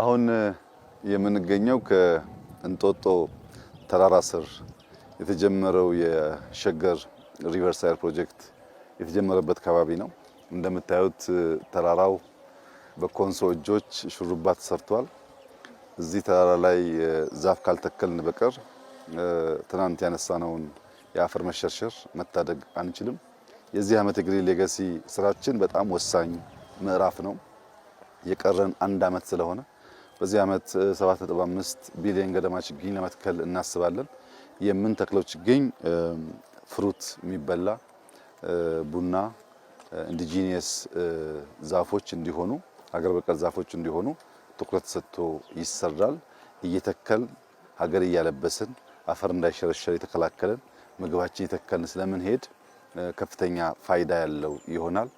አሁን የምንገኘው ከእንጦጦ ተራራ ስር የተጀመረው የሸገር ሪቨርሳይድ ፕሮጀክት የተጀመረበት አካባቢ ነው። እንደምታዩት ተራራው በኮንሶ እጆች ሹሩባ ተሰርቷል። እዚህ ተራራ ላይ ዛፍ ካልተከልን በቀር ትናንት ያነሳነውን የአፈር መሸርሸር መታደግ አንችልም። የዚህ ዓመት የግሪን ሌጋሲ ስራችን በጣም ወሳኝ ምዕራፍ ነው። የቀረን አንድ ዓመት ስለሆነ በዚህ ዓመት 7.5 ቢሊዮን ገደማ ችግኝ ለመትከል እናስባለን። የምንተክለው ችግኝ ፍሩት የሚበላ ቡና፣ ኢንዲጂኒየስ ዛፎች እንዲሆኑ ሀገር በቀል ዛፎች እንዲሆኑ ትኩረት ሰጥቶ ይሰራል። እየተከል ሀገር እያለበስን አፈር እንዳይሸረሸር የተከላከልን ምግባችን የተከልን ስለምንሄድ ከፍተኛ ፋይዳ ያለው ይሆናል።